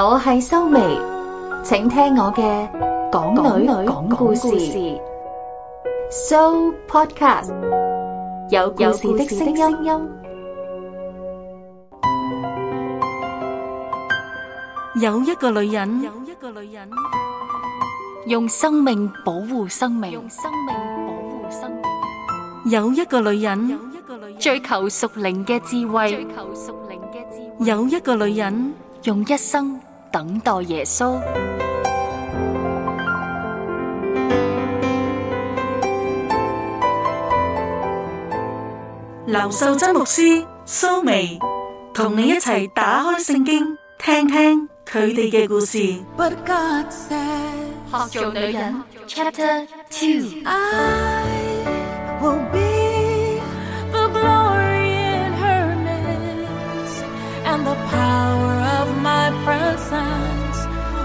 我係修眉，請聽我嘅港女講故事。Show Podcast 有故事的聲音。有一個女人，有一個女人用生命保護生命。用生命保護生命。有一個女人，有一個女人追求屬靈嘅智慧。追求屬靈嘅智慧。有一個女人。用一生等待耶穌。梁秀珍牧師蘇眉同你一齊打開聖經，聽聽佢哋嘅故事。學做女人 Chapter Two。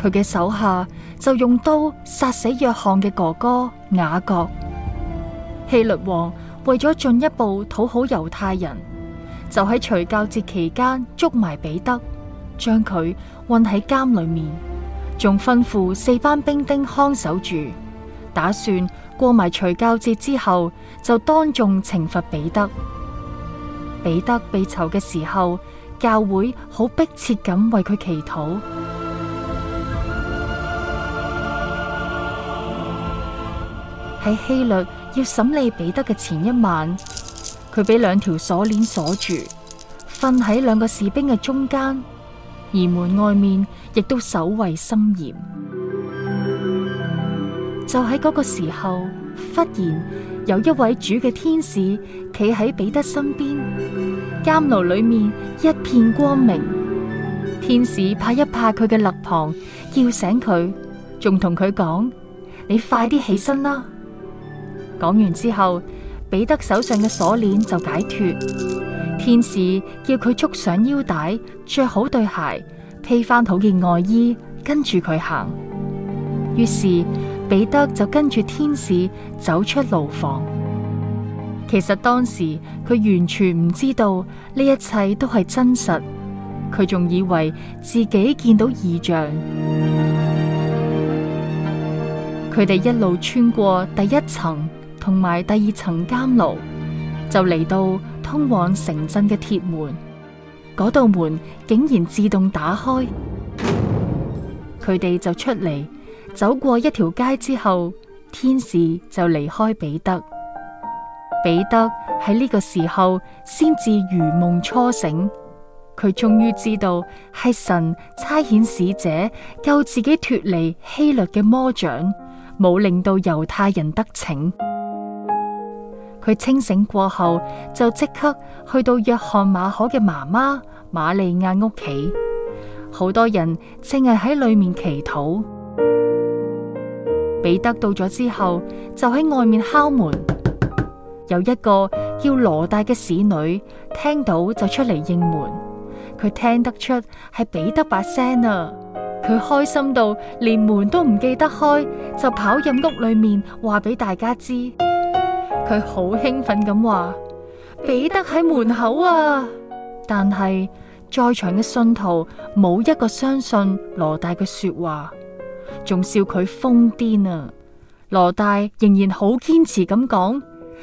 佢嘅手下就用刀殺死約翰嘅哥哥雅各。希律王為咗進一步討好猶太人，就喺除酵節期間捉埋彼得，將佢韞喺監裏面，仲吩咐四班兵丁看守住，打算過埋除酵節之後就當眾懲罰彼得。彼得被囚嘅時候，教會好迫切咁為佢祈禱。喺希律要審理彼得嘅前一晚，佢俾兩條鎖鏈鎖住，瞓喺兩個士兵嘅中間，而門外面亦都守衛森嚴。就喺嗰個時候，忽然有一位主嘅天使企喺彼得身邊，監牢裏面一片光明。天使拍一拍佢嘅肋旁，叫醒佢，仲同佢講：你快啲起身啦！講完之後，彼得手上嘅鎖鏈就解脫。天使叫佢捉上腰帶，着好對鞋，披翻好件外衣，跟住佢行。於是彼得就跟住天使走出牢房。其實當時佢完全唔知道呢一切都係真實，佢仲以為自己見到異象。佢哋一路穿過第一層。同埋第二層監牢，就嚟到通往城鎮嘅鐵門，嗰道門竟然自動打開，佢哋就出嚟走過一條街之後，天使就離開彼得。彼得喺呢個時候先至如夢初醒，佢終於知道係神差遣使者救自己脫離希律嘅魔掌，冇令到猶太人得逞。佢清醒過後就即刻去到約翰馬可嘅媽媽瑪利亞屋企，好多人淨係喺裏面祈禱。彼得到咗之後就喺外面敲門，有一個叫羅大嘅使女聽到就出嚟應門，佢聽得出係彼得把聲啊！佢開心到連門都唔記得開，就跑入屋裏面話俾大家知。佢好興奮咁話：彼得喺門口啊！但係在場嘅信徒冇一個相信羅大嘅說話，仲笑佢瘋癲啊！羅大仍然好堅持咁講：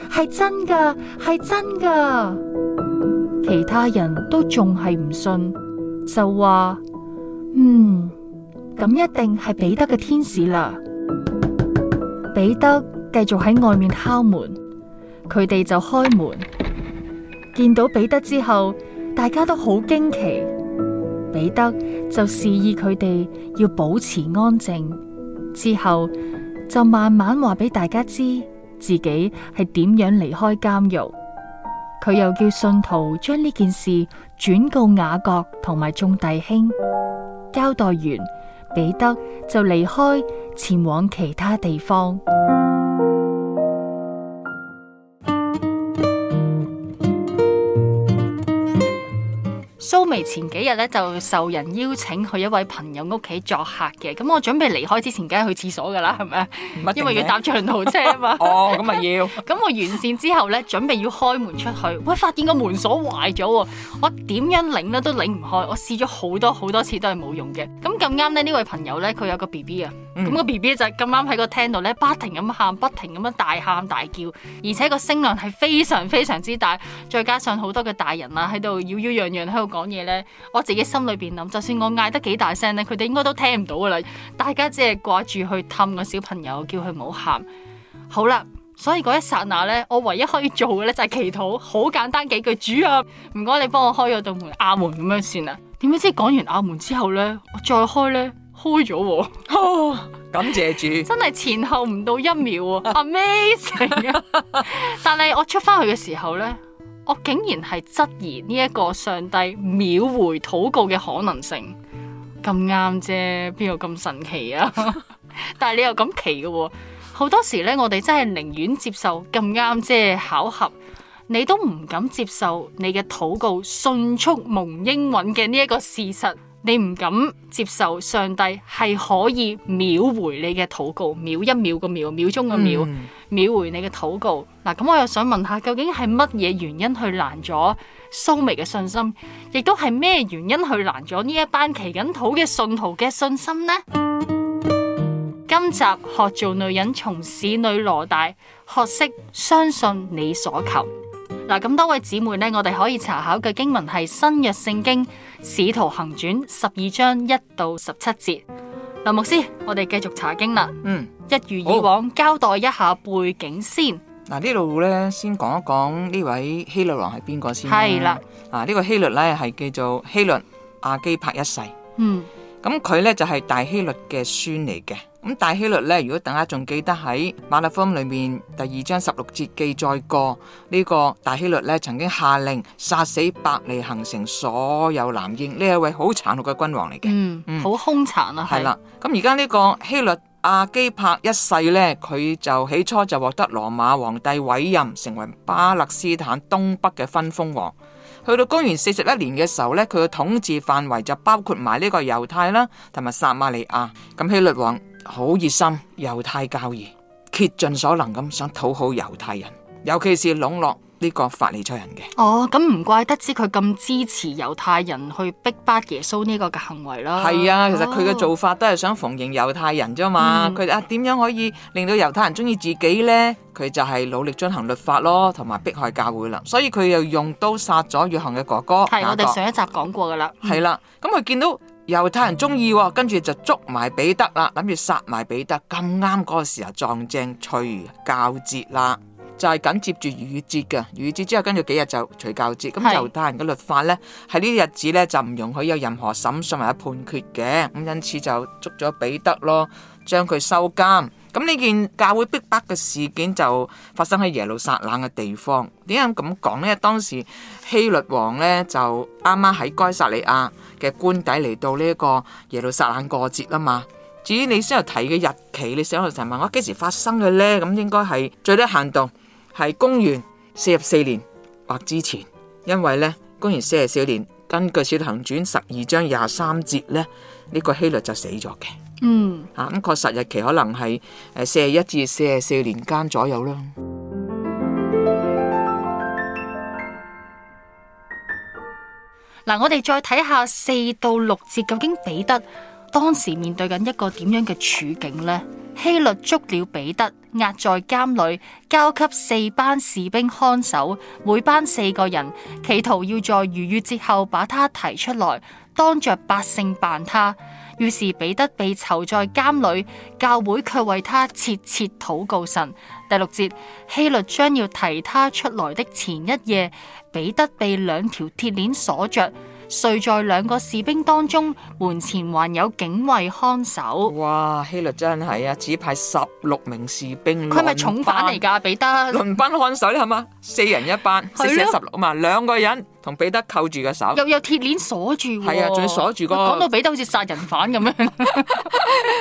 係真噶，係真噶！其他人都仲係唔信，就話：嗯，咁一定係彼得嘅天使啦！彼得繼續喺外面敲門。佢哋就開門，見到彼得之後，大家都好驚奇。彼得就示意佢哋要保持安靜，之後就慢慢話俾大家知自己係點樣離開監獄。佢又叫信徒將呢件事轉告雅各同埋眾弟兄，交代完，彼得就離開，前往其他地方。都未前幾日咧，就受人邀請去一位朋友屋企作客嘅。咁我準備離開之前，梗係去廁所噶啦，係咪？因為要搭長途車啊嘛。 哦，咁咪要。咁 我完善之後咧，準備要開門出去，喂，發現個門鎖壞咗喎。我點樣擰咧都擰唔開，我試咗好多好多次都係冇用嘅。咁咁啱咧，呢位朋友咧，佢有個 B B 啊。咁、嗯、個 B B 就咁啱喺個廳度咧，不停咁喊，不停咁樣大喊大叫，而且個聲量係非常非常之大，再加上好多嘅大人啊喺度，妖妖攘攘喺度講嘢咧。我自己心裏邊諗，就算我嗌得幾大聲咧，佢哋應該都聽唔到噶啦。大家只係掛住去氹個小朋友，叫佢唔好喊。好啦，所以嗰一剎那咧，我唯一可以做嘅咧就係祈禱，好簡單幾句，主啊，唔該你幫我開咗道門，阿門咁樣先啦。點不知講完阿門之後咧，我再開咧。開咗喎，哦，感謝主，真係前後唔到一秒，Amazing！但係我出翻去嘅時候呢，我竟然係質疑呢一個上帝秒回禱告嘅可能性，咁啱啫，邊個咁神奇啊？ 但係你又咁奇嘅，哦，好多時呢，我哋真係寧願接受咁啱啫巧合，你都唔敢接受你嘅禱告迅速蒙應允嘅呢一個事實。你唔敢接受上帝係可以秒回你嘅禱告，秒一秒個秒，秒鐘個秒，秒回你嘅禱告。嗱，咁我又想問下，究竟係乜嘢原因去攔咗蘇眉嘅信心，亦都係咩原因去攔咗呢一班祈緊禱嘅信徒嘅信心呢？今集學做女人，從使女羅大學識相信你所求。嗱，咁多位姊妹呢，我哋可以查考嘅經文係新約聖經。《使徒行傳》十二章一到十七節，林牧師，我哋繼續查經啦。嗯，一如以往、哦、交代一下背景先。嗱，呢度咧先講一講呢位希律王係邊個先。係啦了，嗱、啊、呢、呢個希律咧係叫做希律亞基帕一世。嗯。咁佢咧就係、是、大希律嘅孫嚟嘅，咁大希律咧如果大家仲記得喺《馬太福音》裏面第二章十六節記載過呢、這個大希律咧曾經下令殺死伯利恆城所有男嬰，呢一位好殘酷嘅君王嚟嘅，嗯，嗯好凶殘啊，係啦，咁而家呢個希律亞基帕一世咧，佢就起初就獲得羅馬皇帝委任，成為巴勒斯坦東北嘅分封王。去到公元四十一年嘅時候呢，佢嘅統治範圍就包括埋呢個猶太啦，同埋撒瑪利亞。咁希律王好熱心猶太教義，竭盡所能咁想討好猶太人，尤其是籠絡。呢個法利賽人嘅哦，咁唔怪得知佢咁支持猶太人去逼迫耶穌呢個嘅行為啦。係啊，其實佢嘅做法都係想逢迎猶太人啫嘛。佢、嗯、啊，點樣可以令到猶太人中意自己呢？佢就係努力遵行律法咯，同埋迫害教會啦。所以佢又用刀殺咗約翰嘅哥哥。係我哋上一集講過噶啦。係啦、嗯，咁佢、啊、見到猶太人中意、哦，跟住就捉埋彼得啦，諗住殺埋彼得。咁啱嗰個時候撞正除酵節啦。就係緊接住逾越節嘅，逾越節之後跟住幾日就除酵節，咁猶太人嘅律法咧，喺呢啲日子咧就唔容許有任何審訊或者判決嘅，咁因此就捉咗彼得咯，將佢收監。咁呢件教會逼迫嘅事件就發生喺耶路撒冷嘅地方。點解咁講咧？因為當時希律王咧就啱啱喺該撒利亞嘅官邸嚟到呢個耶路撒冷過節啊嘛。至於你先頭提嘅日期，你成日成日問我幾時發生嘅咧？咁應該係最低限度，係公元四十四年或之前，因為咧，公元四十四年根據《使徒行傳》十二章廿三節咧，呢個希律就死咗嘅。嗯，啊咁確實日期可能係誒四十一至四十四年間左右啦。嗱、嗯嗯，我哋再睇下四到六節，究竟彼得當時面對緊一個點樣嘅處境咧？希律捉了彼得，押在監裏，交給四班士兵看守，每班四個人，企圖要在逾越節後把他提出來，當着百姓辦他。於是彼得被囚在監裏，教會卻為他切切禱告神。第六節，希律將要提他出來的前一夜，彼得被兩條鐵鏈鎖着。睡在兩個士兵當中，門前還有警衛看守。哇，希律真係啊，只派十六名士兵。佢係咪重犯嚟噶，彼得？輪班看守係嘛？四人一班，四四十六嘛，兩個人。同彼得扣住嘅手，又有鐵鏈鎖住，哦，係啊，仲要鎖住個手。講到彼得好似殺人犯咁樣，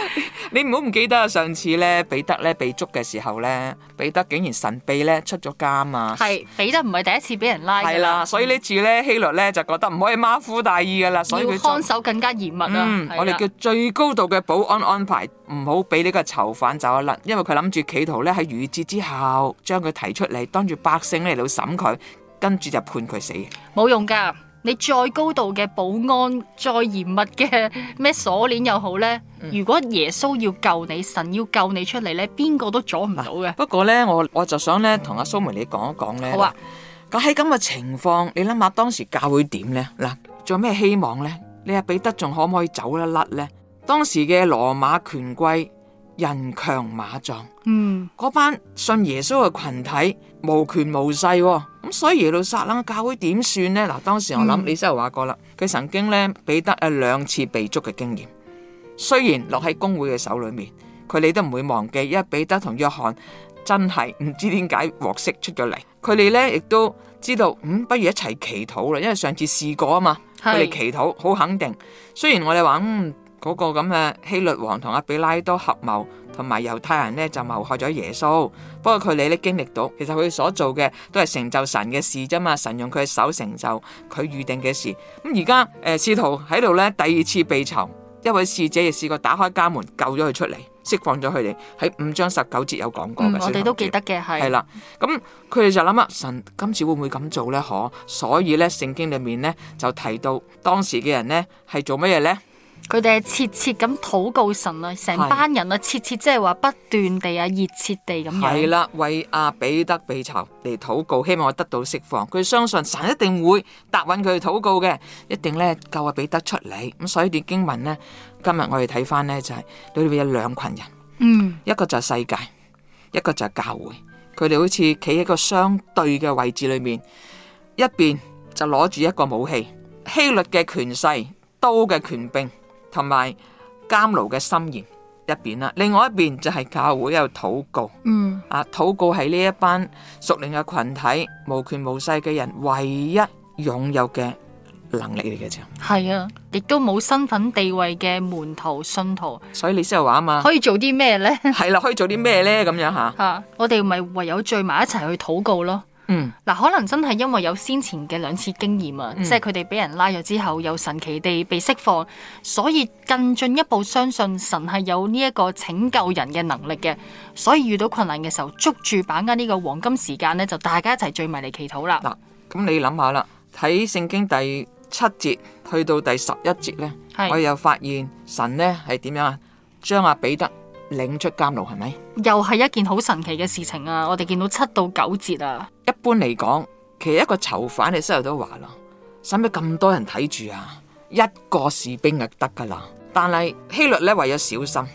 你唔好唔記得啊！上次咧，彼得咧被捉嘅時候咧，彼得竟然神秘咧出咗監啊！係彼得唔係第一次俾人拉㗎啦，所以呢次咧希律咧就覺得唔可以馬虎大意㗎啦，所以佢看守更加嚴密啊！嗯、的我哋叫最高度嘅保安安排，唔好俾呢個囚犯走甩，因為佢諗住企圖咧喺逾節之後將佢提出嚟當住百姓咧嚟審佢。跟住就判佢死，冇用噶。你再高度嘅保安，再嚴密嘅咩鎖鏈又好咧，如果耶穌要救你，神要救你出嚟咧，邊個都阻唔到嘅。不過咧，我我就想咧同阿蘇梅你講一講咧。好啊，咁喺咁嘅情況，你諗下當時教會點咧？嗱，仲有咩希望咧？你阿彼得仲可唔可以走得甩咧？當時嘅羅馬權貴。人強馬壯，嗯，嗰班信耶穌嘅群體無權無勢，哦，咁所以耶路撒冷教會點算呢？嗱，當時我諗、嗯、你真係話過啦，佢曾經咧彼得有兩次被捉嘅經驗，雖然落喺公會嘅手裏面，佢哋都唔會忘記，因為彼得同約翰真係唔知點解獲釋出咗嚟，佢哋咧亦都知道，嗯，不如一齊祈禱啦，因為上次試過啊嘛，佢哋祈禱好肯定，是雖然我哋話嗯。嗰個咁嘅希律王同阿比拉多合謀，同埋猶太人呢就謀害咗耶穌。不過佢哋呢經歷到，其實佢哋所做嘅都係成就神嘅事啫嘛。神用佢嘅手成就佢預定嘅事。咁而家誒，使、呃、徒喺度呢第二次被囚，一位使者，亦試過打開家門救咗佢出嚟，釋放咗佢哋，喺五章十九節有講過嘅、嗯。我哋都記得嘅係係啦。咁佢哋就諗啊，神今次會唔會咁做呢？可所以呢聖經裏面呢就提到當時嘅人呢係做乜嘢呢？」佢哋係切切咁禱告神啊，成班人啊，切切即係話不斷地啊，熱切地咁樣，係啦，為阿彼得被囚嚟禱告，希望我得到釋放。佢相信神一定會答允佢嘅禱告嘅，一定咧救阿彼得出嚟。咁所以呢段經文咧，今日我哋睇翻咧就係裏邊有兩群人，嗯，一個就係世界，一個就係教會。佢哋好似企喺個相對嘅位置裏面，一邊就攞住一個武器，希律嘅權勢，刀嘅權柄。同埋監牢嘅心言一邊啦，另外一邊就係教會有禱告，嗯，啊禱告係呢一班屬靈嘅群體，無權無勢嘅人唯一擁有嘅能力嚟嘅啫，係啊，亦都冇身份地位嘅門徒信徒，所以你先係話啊嘛，可以做啲咩咧？係啦，可以做啲咩咧？咁樣吓吓，我哋咪唯有聚埋一齊去禱告咯。嗯，嗱，可能真係因為有先前嘅兩次經驗啊，嗯、即係佢哋俾人拉咗之後，又神奇地被釋放，所以更進一步相信神係有呢一個拯救人嘅能力嘅，所以遇到困難嘅時候，捉住把握呢個黃金時間呢，就大家一齊聚埋嚟祈禱啦。咁、嗯、你諗下啦，睇聖經第七節去到第十一節呢，是我又發現神呢係點樣啊？將阿彼得。領出監牢係咪？又係一件好神奇嘅事情啊！我哋見到七到九節啊！一般嚟講，其實一個囚犯你收得到話咯，使唔使咁多人睇住啊？一個士兵就得噶啦。但係希律咧為咗小心，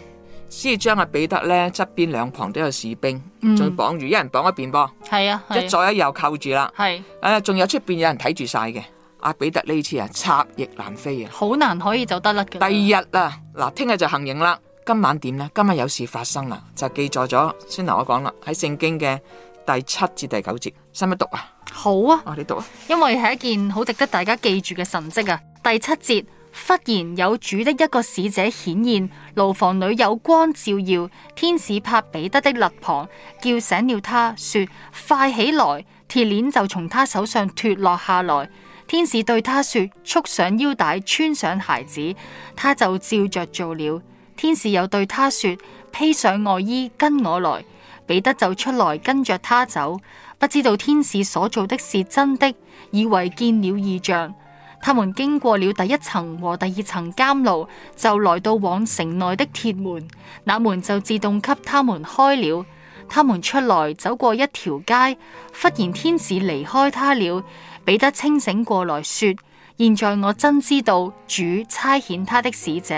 先至將阿彼得咧側邊兩旁都有士兵，再綁住一人綁一邊噃。係啊，一左一右扣住啦。係、啊、誒、啊，仲有出邊有人睇住晒嘅阿彼得呢次啊，插翼難飛啊，好難可以走得甩嘅。第二日啊，嗱，聽日就行刑啦。今晚點呢？今日有事發生啦，就記載咗。先同我講啦，喺聖經嘅第七至第九節，使唔使讀啊？好啊，我哋、哦、讀啊，因為係一件好值得大家記住嘅神迹啊。第七節忽然有主的一個使者顯現，牢房裏有光照耀，天使拍彼得的肋旁，叫醒了他說：快起來，鐵鏈就從他手上脫落下來。天使對他說：束上腰帶，穿上鞋子，他就照着做了。天使又對他說：披上外衣，跟我來。彼得就出來跟着他走，不知道天使所做的是真的，以為見了異象。他們經過了第一層和第二層監牢，就來到往城內的鐵門，那門就自動給他們開了。他們出來走過一條街，忽然天使離開他了。彼得清醒過來說：現在我真知道主差遣他的使者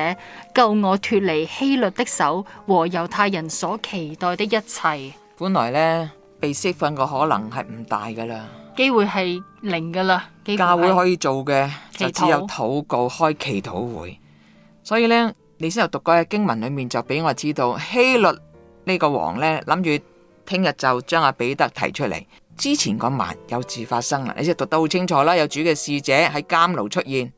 救我脫離希律的手和猶太人所期待的一切。本來咧，被釋放個可能係唔大噶啦，機會係零噶啦。教會可以做嘅就只有禱告、開祈禱會。所以咧，你先又讀過嘅經文裏面就俾我知道希律呢個王咧諗住聽日就將阿彼得提出嚟。之前嗰晚有事發生啦，你知讀得好清楚啦，有主嘅侍者喺監牢出現，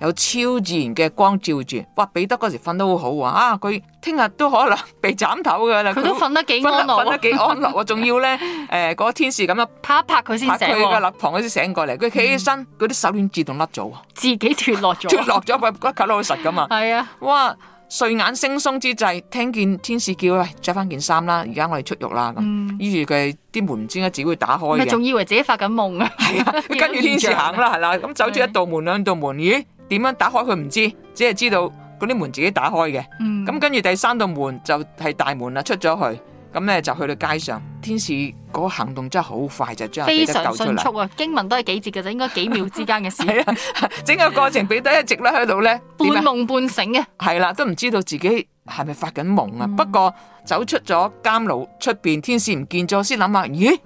有超自然嘅光照住，哇！彼得嗰時瞓得好好啊，佢聽日都可能被斬頭噶啦，佢都瞓得幾安樂，瞓得幾安樂仲 要咧，誒、呃，嗰個天使咁啊，拍一拍佢先醒，佢嘅肋旁嗰時醒過嚟，佢企起身，佢啲、嗯、手鏈自動甩咗 啊，自己脫落咗，脫落咗，佢骨骨老實噶嘛，係啊，哇！睡眼惺忪之際，聽見天使叫喂，着返件衫啦，而家我哋出獄啦咁。依住佢啲門唔知點解自己會打開嘅，仲以為自己發緊夢啊。係啊，跟住天使行啦，係啦。咁走出一道門兩道門，咦？點樣打開佢唔知，只係知道嗰啲門自己打開嘅。咁、嗯嗯、跟住第三道門就係、是、大門啦，出咗去。咁咧，就去到街上，天使嗰個行動真係好快，就將非常迅速啊！經文都係幾節嘅啫，應該幾秒之間嘅事。 整個過程彼得 一直咧喺度咧，半夢半醒嘅、啊。係啦，都唔知道自己係咪發緊夢啊？嗯、不過走出咗監牢，出邊天使唔見咗，先諗下，咦，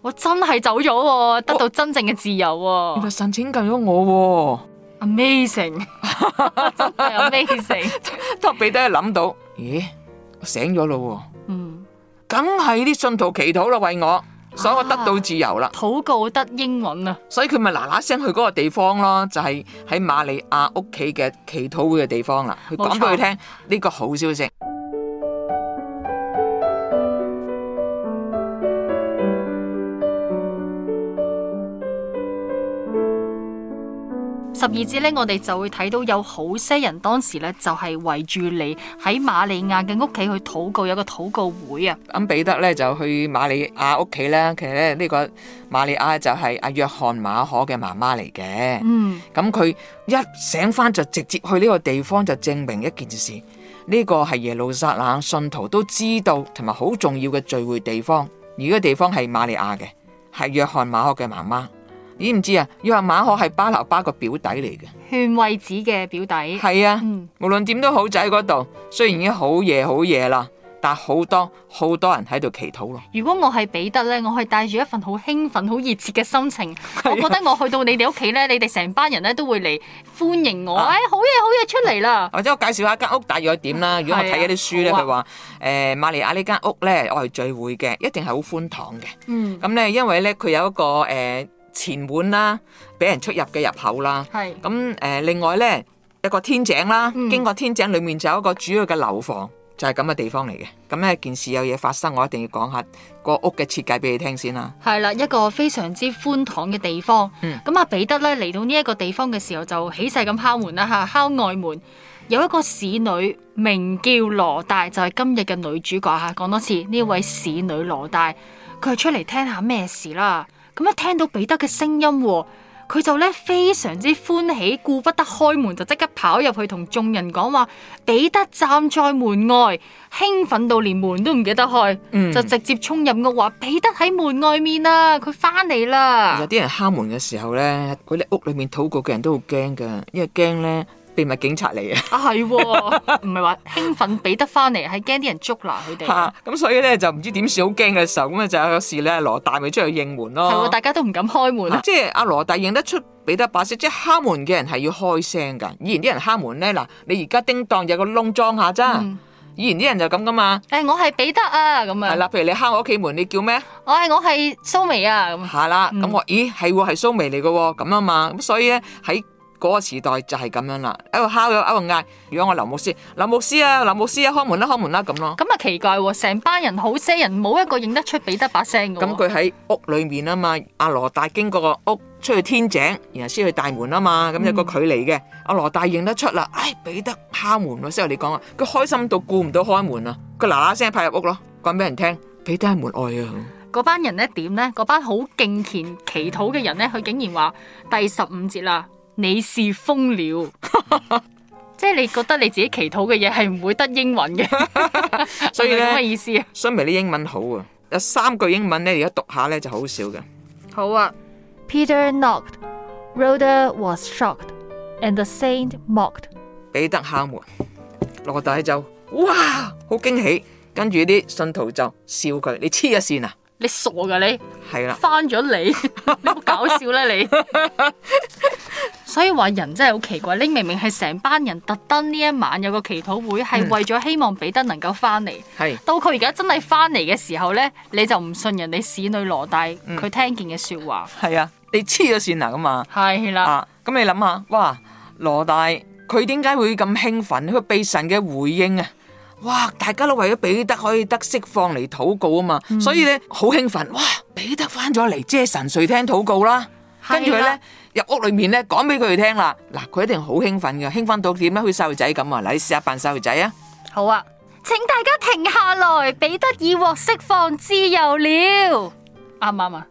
我真係走咗、啊，得到真正嘅自由、啊。佢神拯救咗我，amazing、啊、又 amazing。托彼得諗到，咦，我醒咗啦、啊！梗係啲信徒祈禱咯，為我，所以我得到自由啦。禱告得應允啊，所以佢咪嗱嗱聲去嗰個地方咯，就係喺瑪利亞屋企嘅祈禱會嘅地方啦，佢講俾佢聽呢個好消息。十二節咧，我哋就會睇到有好些人當時咧就係圍住你喺瑪利亞嘅屋企去禱告，有個禱告會啊。咁彼得咧就去瑪利亞屋企咧，其實咧呢個瑪利亞就係阿約翰馬可嘅媽媽嚟嘅。嗯，咁佢一醒翻就直接去呢個地方，就證明一件事，呢個係耶路撒冷信徒都知道同埋好重要嘅聚會地方。而呢個地方係瑪利亞嘅，係約翰馬可嘅媽媽。知唔知啊？要話馬可係巴拿巴個表弟嚟嘅，勸慰子嘅表弟。係啊， 無論點都好，仔嗰度雖然已經好夜好夜啦，但好多好多人喺度祈禱咯。如果我係彼得咧，我可以帶住一份好興奮、好熱切嘅心情，呀我覺得我去到你哋屋企咧，你哋成班人咧都會嚟歡迎我。啊、哎，好嘢好嘢，出嚟啦！或者我介紹下一間屋大約點啦。如果我睇一啲書咧，佢話誒瑪利亞呢間屋咧，我係聚會嘅，一定係好寬敞嘅。 嗯，咁咧因為咧佢有一個誒。呃前門啦，俾人出入嘅入口啦。係咁誒，另外咧一個天井啦，嗯、經過天井裏面就有一個主要嘅樓房，就係咁嘅地方嚟嘅。咁呢件事有嘢發生，我一定要講下個屋嘅設計俾你聽先啦。係啦，一個非常之寬敞嘅地方。嗯，咁啊，彼得咧嚟到呢一個地方嘅時候就起勢咁敲門啦吓，敲外門。有一個使女名叫羅大，就係、是、今日嘅女主角吓。講多次呢位使女羅大，佢係出嚟聽下咩事啦。咁一聽到彼得嘅聲音，佢就咧非常之歡喜，顧不得開門就即刻跑入去同眾人講話：彼得站在門外，興奮到連門都唔記得開，嗯、就直接衝入屋話：彼得喺門外面喇！佢翻嚟啦！有啲人敲門嘅時候咧，嗰啲屋裏面禱告嘅人都好驚㗎，因為驚咧。秘密警察嚟嘅、 嗯，啊係，唔係話興奮彼得返嚟，係驚啲人捉拿佢哋。咁所以咧就唔知點算，好驚嘅時候，咁啊就有個事咧，羅大咪出去應門咯。係、啊，大家都唔敢開門啊。即係阿羅大認得出彼得把聲，即係敲門嘅人係要開聲噶。以前啲人敲門咧，嗱，你而家叮噹有個窿裝下咋？以前啲人就咁噶嘛。誒、欸，我係彼得啊，咁啊。係啦，譬如你敲我屋企門，你叫咩？我係我係蘇眉啊，咁。吓啦，咁我咦係係蘇眉嚟噶，咁啊嘛，咁所以咧喺。啊啊嗰個時代就係咁樣啦，喺、哎、度敲咗喺度嗌。如果我劉牧師，劉牧師啊，劉牧師啊，開門啦、啊，開門啦、啊，咁咯。咁啊，奇怪喎、哦，成班人好些人冇一個認得出彼得把聲嘅、哦。咁佢喺屋裏面啊嘛，阿羅大經過個屋出去天井，然後先去大門啊嘛，咁有個距離嘅。阿羅、嗯啊、大認得出啦，唉、哎，彼得敲門喎，先由你講啊，佢開心到顧唔到開門啊，佢嗱嗱聲派入屋咯，講俾人聽，彼得喺門外啊。嗰班、嗯、人咧點咧？嗰班好敬虔祈禱嘅人咧，佢竟然話第十五節啦。你是瘋了， 即係你覺得你自己祈禱嘅嘢係唔會得英文嘅， 所以咧呢咩 意思啊？相比啲英文好啊，有三句英文咧而家讀下咧就好少嘅。好啊，Peter knocked, Rhoda was shocked, and the saint mocked。彼得敲門，羅大就哇好驚喜，跟住啲信徒就笑佢，你黐一綫啊！你傻噶，你係啦，翻咗你，的來 你好搞笑啦。你， 所以話人真係好奇怪，你明明係成班人特登呢一晚有個祈禱會，係、嗯、為咗希望彼得能夠翻嚟，的到佢而家真係翻嚟嘅時候咧，你就唔信人哋侍女羅大佢聽見嘅說話，係、嗯、的啊，你黐咗線啊嘛，係啦，咁你諗下，哇，羅大佢點解會咁興奮？佢被神嘅回應啊！哇！大家都為咗彼得可以得釋放嚟禱告啊嘛，嗯、所以咧好興奮。哇！彼得翻咗嚟，即係神垂聽禱告啦。的跟住佢咧入屋裏面咧，講俾佢哋聽啦。嗱，佢一定好興奮㗎，興奮到點咧？好似細路仔咁啊！嚟試下扮細路仔啊！好啊！請大家停下來，彼得已獲釋放自由了。啱唔啱啊？嗯嗯嗯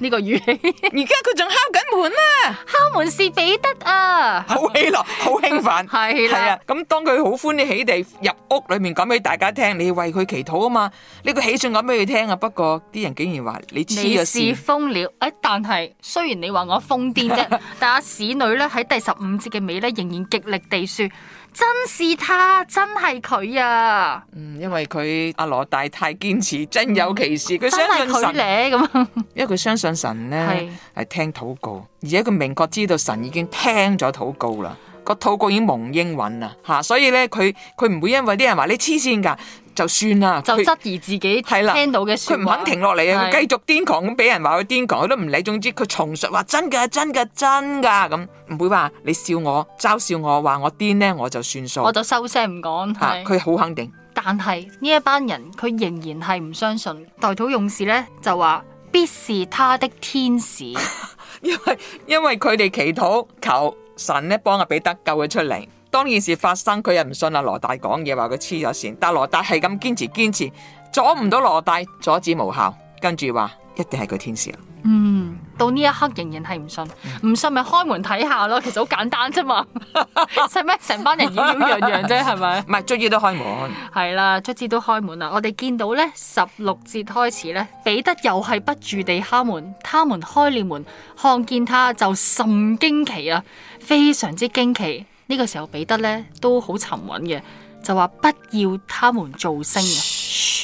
呢個語氣，而家佢仲敲緊門啊！敲門是彼得啊！好喜樂，好興奮，係啦，咁當佢好歡喜地入屋裏面講俾大家聽，你為佢祈禱啊嘛！呢個喜訊講俾佢聽啊，不過啲人竟然話你黐咗線，你是瘋了誒！但係雖然你話我瘋癲啫，但阿使女咧喺第十五節嘅尾咧，仍然極力地說。真是他，真係佢啊！嗯，因為佢阿羅大太堅持，真有其事。佢、嗯、相信神咧，咁 因為佢相信神咧，係是聽禱告，而且佢明確知道神已經聽咗禱告啦，個禱告已經蒙應允啦，吓、啊，所以咧，佢佢唔會因為啲人話你黐線噶。就算啦，就質疑自己聽到嘅説話，佢唔肯停落嚟啊！佢繼續癲狂咁，俾人話佢癲狂，佢都唔理。總之佢重述話真嘅，真嘅，真㗎咁，唔會話你笑我，嘲笑我，話我癲呢，我就算數，我就收聲唔講。嚇的，佢好肯定。但係呢一班人，佢仍然係唔相信。代土勇士呢，就話，必是他的天使， 因為因為佢哋祈禱求神咧幫阿彼得救佢出嚟。當件事發生，佢又唔信阿羅大講嘢，話佢黐咗線。但係羅大係咁堅持，堅持阻唔到羅大，阻止無效。跟住話一定係佢天使啊。嗯，到呢一刻仍然係唔信，唔、嗯、信咪開門睇下咯。其實好簡單啫嘛，使咩成班人妖妖樣樣啫，係咪？唔係，卒之都開門。係啦， 卒之都開門啦。門我哋見到咧，十六節開始咧，彼得又係不住地敲門，他們開了門，看見他就甚驚奇啊，非常之驚奇。呢個時候彼得咧都好沉穩嘅，就話不要他們做聲。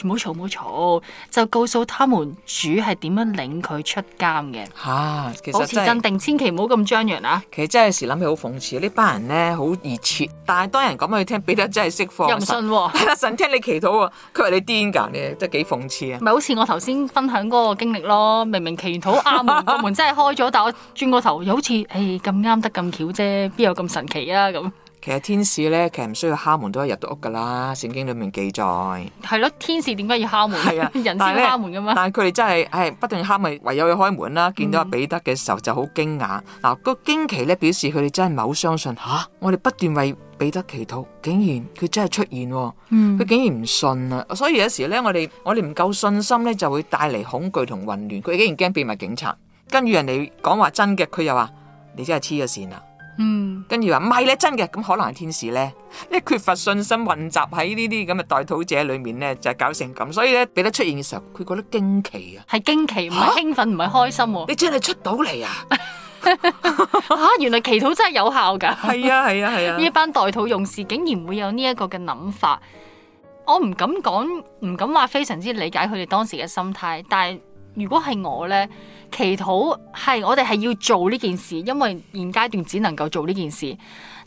唔好嘈，冇嘈，就告訴他們主係點樣領佢出監嘅。吓，保持鎮定，千祈唔好咁張揚啊！其實真係、啊、有時諗起好諷刺，呢班人咧好熱切，但係當人講俾佢聽，俾得真係釋放。又唔信、哦，係神，神聽你祈禱啊，佢話你癲噶，你真係幾諷刺啊！咪 好似我頭先分享嗰個經歷咯，明明祈完禱啱，個門，門真係開咗， 但我轉個頭又好似誒咁啱得咁巧啫，邊有咁神奇啊咁。其實天使咧，其實唔需要敲門都可以入到屋噶啦。聖經裏面記載係咯，天使點解要敲門？係啊，人先敲門噶嘛。但係佢哋真係係、哎、不斷敲，咪唯有去開門啦。見到阿彼得嘅時候就好驚訝。嗱、嗯，啊那個驚奇咧表示佢哋真係唔係好相信吓、啊。我哋不斷為彼得祈禱，竟然佢真係出現。啊啊、嗯，佢竟然唔信啊。所以有時咧，我哋我哋唔夠信心咧，就會帶嚟恐懼同混亂。佢竟然驚秘密警察跟住人哋講話真嘅，佢又話你真係黐咗線啦。嗯，跟住話唔係咧，真嘅，咁可能係天使咧，因為缺乏信心混雜喺呢啲咁嘅代禱者裏面咧，就搞成咁，所以咧彼得出現嘅時候，佢覺得驚奇啊，係驚奇，唔係興奮，唔係開心，你真係出到嚟啊！吓，原來祈禱真係有效噶，係啊，係啊，係啊，呢一班代禱勇士竟然會有呢一個嘅諗法，我唔敢講，唔敢話，非常之理解佢哋當時嘅心態，但係如果係我咧。祈禱係我哋係要做呢件事，因為現階段只能夠做呢件事。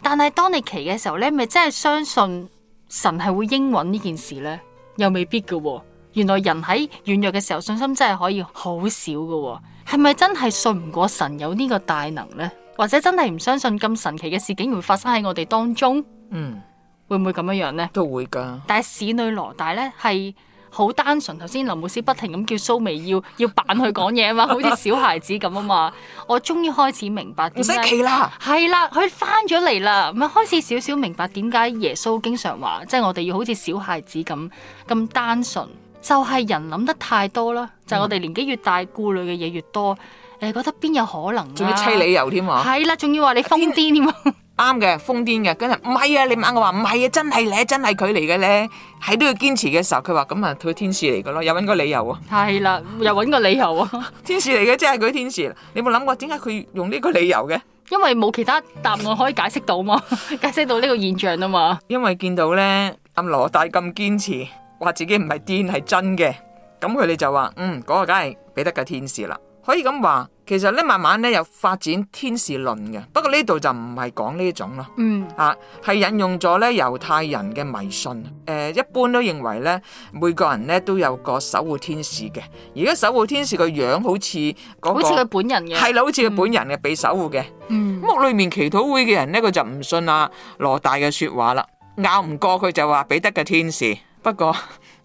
但係當你祈嘅時候咧，咪真係相信神係會應允呢件事咧？又未必噶喎。原來人喺軟弱嘅時候，信心真係可以好少噶喎。係咪真係信唔過神有呢個大能呢？或者真係唔相信咁神奇嘅事竟然會發生喺我哋當中？嗯，會唔會咁樣樣咧？都會噶。但係使女羅大咧係。好單純，頭先林牧師不停咁叫蘇眉要要扮佢講嘢啊嘛， 好似小孩子咁啊嘛。我終於開始明白，唔使企啦，係啦，佢翻咗嚟啦，咪開始少少明白點解耶穌經常話，即係我哋要好似小孩子咁咁單純。就係人諗得太多啦，嗯、就我哋年紀越大，顧慮嘅嘢越多，誒覺得邊有可能啊？仲要吹理由添啊？係啦，仲要話你瘋癲添。天 啱嘅，瘋癲嘅，跟住唔係啊！你問我話唔係啊，真係咧，真係佢嚟嘅咧，喺都要堅持嘅時候，佢話咁啊，佢天使嚟嘅咯，又揾個理由喎，係啦，又揾個理由喎，天使嚟嘅，真係佢天使。你有冇諗過點解佢用呢個理由嘅？因為冇其他答案可以解釋到嘛，解釋到呢個現象啊嘛。因為見到咧，阿羅大咁堅持，話自己唔係癲係真嘅，咁佢哋就話嗯嗰個梗係彼得個天使啦。可以咁話，其實咧慢慢咧又發展天使論嘅，不過呢度就唔係講呢種咯。嗯，啊，係引用咗咧猶太人嘅迷信。誒、呃，一般都認為咧每個人咧都有個守護天使嘅。而家守護天使個樣、嗰個樣好似好似佢本人嘅，係啦，好似佢本人嘅俾、嗯、守護嘅。屋墓裏面祈禱會嘅人咧，佢就唔信阿、啊、羅大嘅説話啦，拗唔過佢就話彼得嘅天使，不過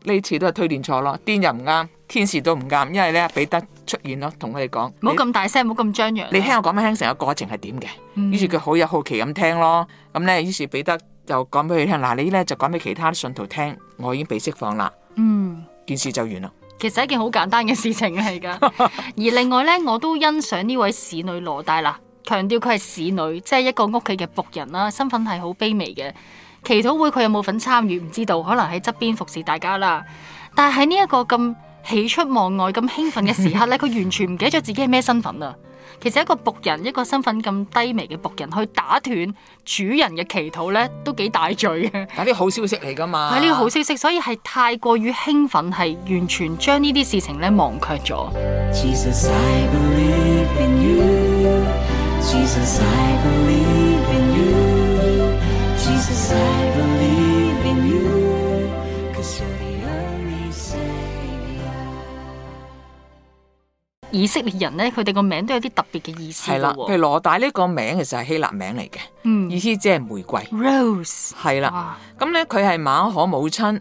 呢 次都係推斷錯咯，癲人唔啱。天使都唔啱，因為咧彼得出現咯，同佢哋講：唔好咁大聲，唔好咁張揚啊。你聽我講返，聽成個過程係點嘅。於是佢好有好奇咁聽咯。咁咧，於是彼得就講俾佢聽：嗱，你咧就講俾其他信徒聽，我已經被釋放啦。嗯，件事就完啦。其實一件好簡單嘅事情嚟噶。 而另外咧，我都欣賞呢位使女羅大啦，強調佢係使女，即係一個屋企嘅僕人啦，身份係好卑微嘅。祈禱會佢有冇份參與唔知道，可能喺側邊服侍大家啦。但係喺呢一個咁。喜出望外咁興奮嘅時刻咧，佢完全唔記得咗自己係咩身份啊！其實一個僕人，一個身份咁低微嘅僕人去打斷主人嘅祈禱咧，都幾大罪嘅。係啲好消息嚟㗎嘛。係呢個好消息，所以係太過於興奮，係完全將呢啲事情咧忘卻咗。Jesus, 以色列人咧，佢哋，哦、個名都有啲特別嘅意思咯。係啦。譬如羅大呢個名，其實係希臘名嚟嘅，嗯、意思即係玫瑰。Rose 係啦的，咁咧佢係馬可母親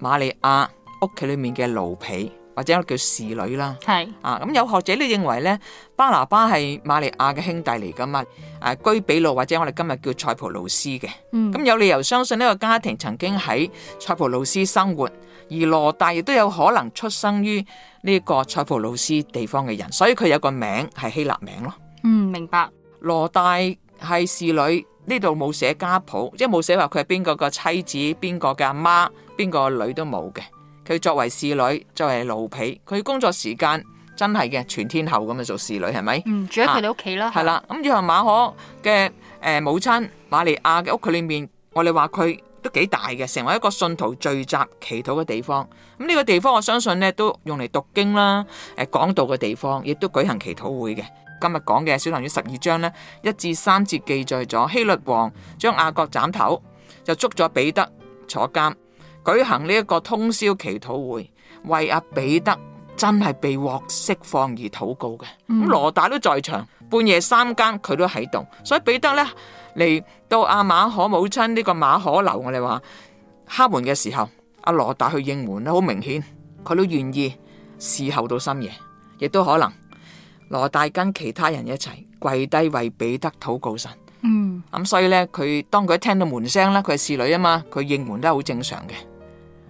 瑪利亞屋企裏面嘅奴婢，或者叫侍女啦。係是啊，咁有學者都認為咧，巴拿巴係瑪利亞嘅兄弟嚟㗎嘛？誒、啊，居比路或者我哋今日叫塞浦路斯嘅，咁、嗯、有理由相信呢個家庭曾經喺塞浦路斯生活，而羅大亦都有可能出生於。呢一個塞浦路斯地方嘅人，所以佢有個名係希臘名咯。嗯，明白。羅大係侍女，呢度冇寫家譜，即係冇寫話佢係邊個嘅妻子，邊個嘅阿媽，邊個女都冇嘅。佢作為侍女，作為奴婢，佢工作時間真係嘅全天候咁啊做侍女係咪，嗯啊？嗯，住喺佢哋屋企啦。係啦，咁然後馬可嘅，誒、呃、母親瑪利亞嘅屋企裏面，我哋話佢。都幾大嘅，成為一個信徒聚集祈禱嘅地方。咁、這、呢個地方，我相信呢都用嚟讀經啦，誒、呃、講道嘅地方，亦都舉行祈禱會嘅。今日講嘅小堂書十二章呢，一至三節記載咗希律王將雅各斬頭，就捉咗彼得坐監，舉行呢一個通宵祈禱會，為阿、啊、彼得真係被獲釋放而禱告嘅。咁、嗯、羅大都在場，半夜三更佢都喺度，所以彼得呢。嚟到阿馬可母親呢個馬可樓，我哋話敲門嘅時候，阿羅大去應門啦，好明顯，佢都願意侍候到深夜，亦都可能羅大跟其他人一齊跪低為彼得禱告神。嗯，咁、嗯、所以咧，佢當佢一聽到門聲咧，佢係侍女啊嘛，佢應門都係好正常嘅。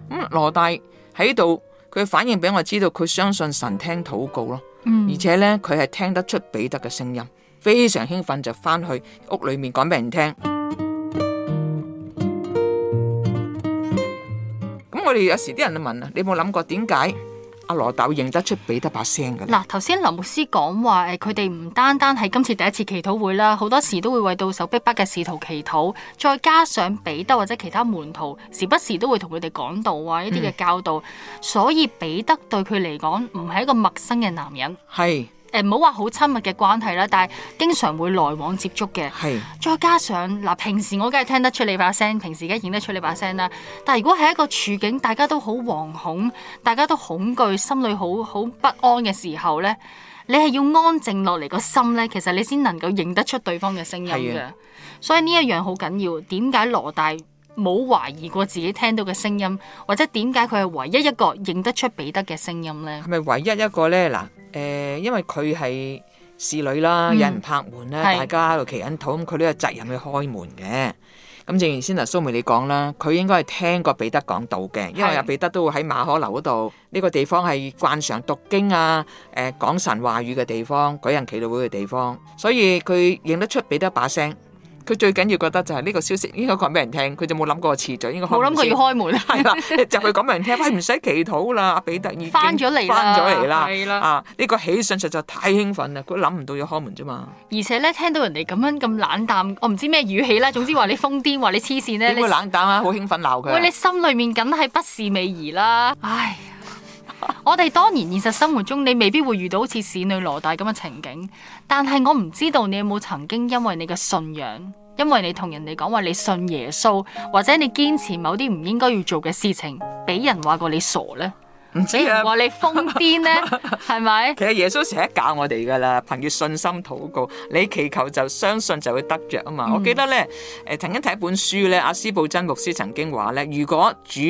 咁、嗯、羅大喺度，佢反應俾我知道，佢相信神聽禱告咯，嗯、而且咧佢係聽得出彼得嘅聲音。非常興奮就返去屋裏面講俾人聽。咁我哋有時啲人都問啊，你有冇諗過點解阿羅豆認得出彼得把聲㗎呢？嗱，頭先林牧師講話誒，佢哋唔單單係今次第一次祈禱會啦，好多時都會為到受逼迫嘅使徒祈禱，再加上彼得或者其他門徒時不時都會同佢哋講道啊，一啲嘅教導，所以彼得對佢嚟講唔係一個陌生嘅男人。係。誒，唔好話好親密嘅關係啦，但係經常會來往接觸嘅。係是再加上嗱，呃，平時我梗係聽得出你把聲，平時梗係認得出你把聲啦。但係如果係一個處境，大家都好惶恐，大家都恐懼，心裏好好不安嘅時候咧，你係要安靜落嚟個心咧，其實你先能夠認得出對方嘅聲音嘅。的所以呢一樣好緊要。點解羅大？冇懷疑過自己聽到嘅聲音，或者點解佢係唯一一個認得出彼得嘅聲音咧？係咪唯一一個咧？嗱，誒，因為佢係侍女啦，有人拍門咧，大家喺度企緊肚，咁佢都有責任去開門嘅。咁正如先頭蘇梅你講啦，佢應該係聽過彼得講道嘅，因為彼得都會喺馬可樓嗰度，呢個地方係慣常讀經啊，誒，講神話語嘅地方，舉行祈禱會嘅地方，所以佢認得出彼得把聲。佢最緊要覺得就係呢個消息應該講俾人聽，佢就冇諗過遲咗，應該冇諗過要開門了。係啦，就咁講俾人聽。喂，唔使祈禱啦，阿彼得已經翻咗嚟啦，翻咗嚟啦，啊！呢的個喜訊實在太興奮啦，佢諗唔到要開門啫嘛。而且咧，聽到人哋咁樣咁冷淡，我唔知咩語氣啦，總之話你瘋癲，話你黐線咧。你會冷淡啊？好你興奮鬧佢，啊。喂，你心裡面梗係不是味兒啦，唉。 我哋當然現實生活中，你未必會遇到好似市女羅大咁嘅情景。但係我唔知道你有冇曾經因為你嘅信仰，因為你同人哋講話你信耶穌，或者你堅持某啲唔應該要做嘅事情，俾人話過你傻呢？唔，俾人話你瘋癲呢？係咪 其實耶穌成日教我哋噶啦，憑住信心禱告，你祈求就相信就會得着啊嘛。嗯、我記得呢，曾經睇一本書呢，阿司布真牧師曾經話呢：「如果主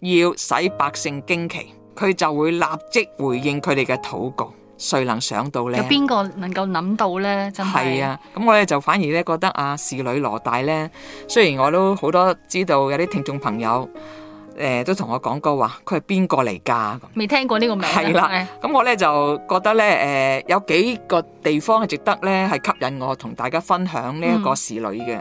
要使百姓驚奇。佢就會立即回應佢哋嘅禱告，誰能想到呢？有邊個能夠諗到呢？真係係啊！咁我呢就反而呢覺得啊，侍女羅大呢，雖然我都好多知道有啲聽眾朋友誒都同我講過話，佢係邊個嚟㗎？未聽過呢個名係啦。咁我呢就覺得呢誒，有幾個地方係值得呢係吸引我同大家分享呢一個侍女嘅。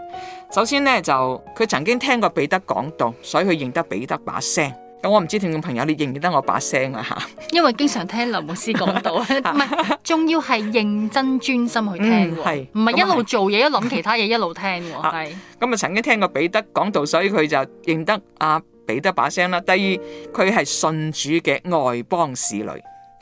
首先呢就佢曾經聽過彼得講道，所以佢認得彼得把聲。咁我唔知聽眾朋友，你認唔認得我把聲啊？嚇！因為經常聽林牧師講道，唔係仲要係認真專心去聽喎，唔係一路做嘢一路諗其他嘢一路聽喎，係。咁啊曾經聽過彼得講道，所以佢就認得阿彼得把聲啦。第二，佢係信主嘅外邦使女，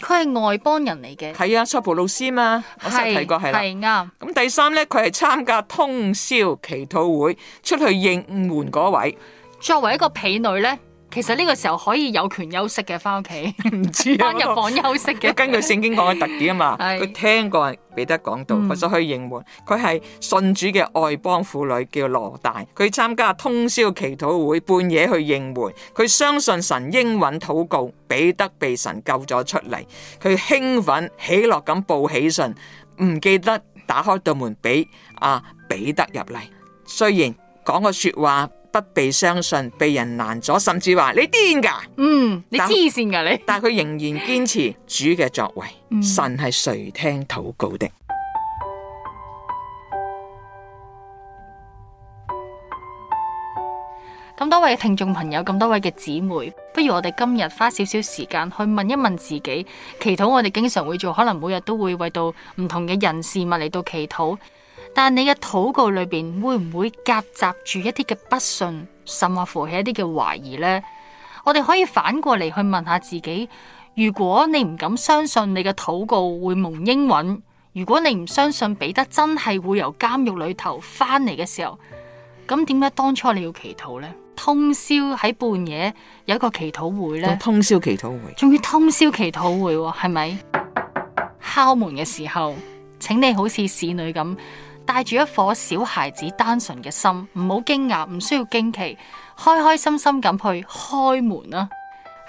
佢係外邦人嚟嘅，係啊，塞浦路斯嘛，我成日提過係啱。咁第三咧，佢係參加通宵祈禱會出去應門嗰位。作為一個婢女咧。其實呢個時候可以有權休息嘅，翻屋企，唔知 入房休息嘅。根據聖經講嘅特點啊嘛，佢 是聽過彼得講道，佢走，嗯、去應門。佢係信主嘅外邦婦女，叫羅大。佢參加通宵祈禱會，半夜去應門。佢相信神應允禱告，彼得被神救咗出嚟。佢興奮喜樂咁報喜訊，唔記得打開道門俾啊彼得入嚟。雖然講個說話。不被相信，被人攔咗，甚至話你癲噶，嗯，你黐線噶你但。但係佢仍然堅持主嘅作為，嗯、神係垂聽禱告的。咁多、嗯、位嘅聽眾朋友，咁多位嘅姊妹，不如我哋今日花少少時間去問一問自己，祈禱我哋經常會做，可能每日都會為到唔同嘅人事物嚟到祈禱。但你嘅禱告裏邊會唔會夾雜住一啲嘅不信，甚或乎係一啲嘅懷疑呢？我哋可以反過嚟去問下自己：如果你唔敢相信你嘅禱告會蒙應允，如果你唔相信彼得真係會由監獄裏頭翻嚟嘅時候，咁點解當初你要祈禱呢？通宵喺半夜有一個祈禱會呢？通宵祈禱會，仲要通宵祈禱會喎，係咪？敲門嘅時候，請你好似侍女咁。帶住一顆小孩子單純嘅心，唔好驚訝，唔需要驚奇，開開心心咁去開門啊，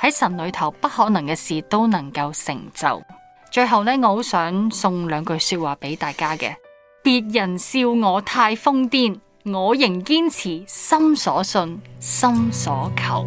喺神裏頭不可能嘅事都能夠成就。最後呢，我好想送兩句說話俾大家嘅，別人笑我太瘋癲，我仍堅持心所信，心所求。